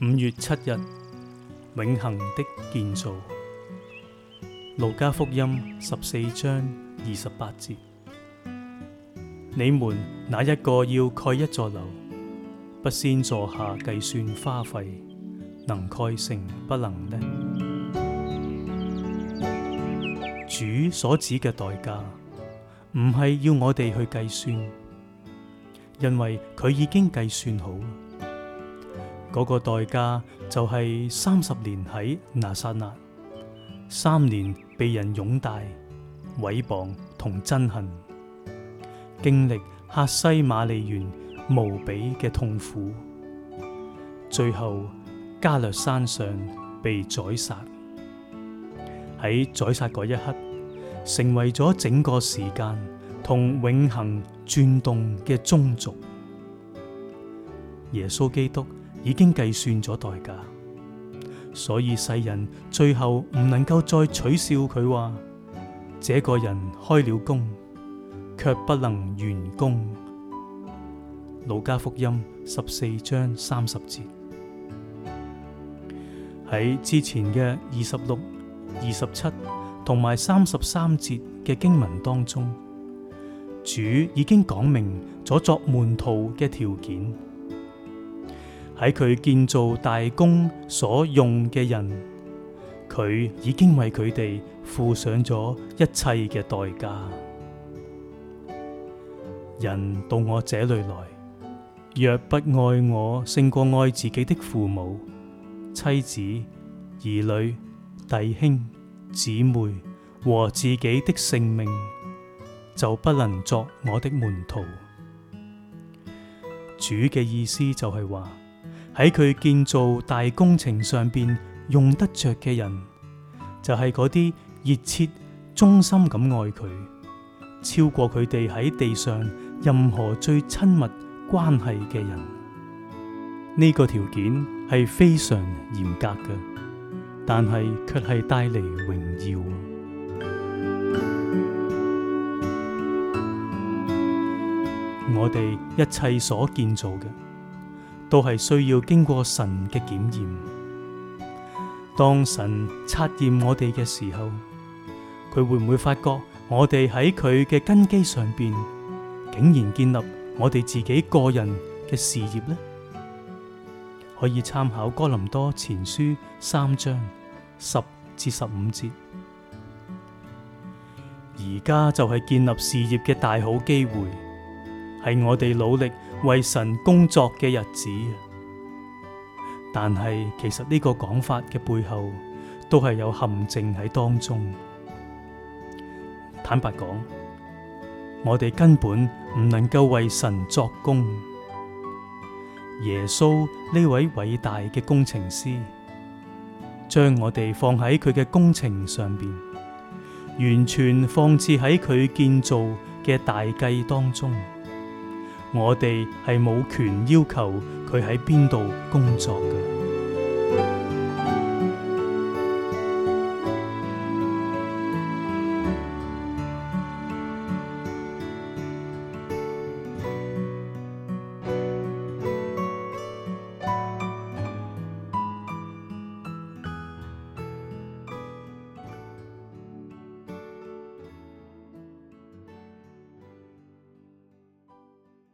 五月七日，永恒的建造，路加福音十四章二十八節：你們那一個要蓋一座樓，不先坐下計算花費，能蓋成不能呢？主所指嘅代價，唔係要我哋去計算，因為佢已經計算好。嗰個代價就係三十年喺拿撒勒，三年被人擁戴、毀謗同憎恨，經歷客西馬尼園無比嘅痛苦，最後加略山上被宰殺。喺宰殺嗰一刻，成為咗整個時間同永恆轉動嘅宗族。耶穌基督。已經計算咗代價，所以世人最後唔能夠再取笑佢話：這個人開了工，卻不能完工。《路加福音》十四章三十節喺之前嘅二十六、二十七同埋三十三節嘅經文當中，主已經講明咗作門徒嘅條件。喺佢建造大功所用嘅人，佢已經為佢哋付上咗一切嘅代價。人到我這裏來，若不愛我勝過愛自己的父母、妻子、兒女、弟兄、姊妹和自己的性命，就不能作我的門徒。主嘅意思就係話。喺佢建造大工程上邊用得着嘅人，就係嗰啲熱切、忠心咁愛佢，超過佢哋喺地上任何最親密關係嘅人。呢個條件係非常嚴格嘅，但係卻係帶嚟榮耀。我哋一切所建造嘅。都係需要經過神嘅檢驗。當神測驗我哋嘅時候，佢會唔會發覺我哋喺佢嘅根基上邊，竟然建立我哋自己個人嘅事業呢？可以參考哥林多前書三章十至十五節。而家就係建立事業嘅大好機會，係我哋努力，為神工作嘅日子，但係其實呢個講法嘅背後都係有陷阱喺當中。坦白講，我哋根本唔能夠為神作工。耶穌呢位偉大嘅工程師，將我哋放喺佢嘅工程上面，完全放置喺佢建造嘅大計當中。我哋係冇權要求佢喺邊度工作㗎。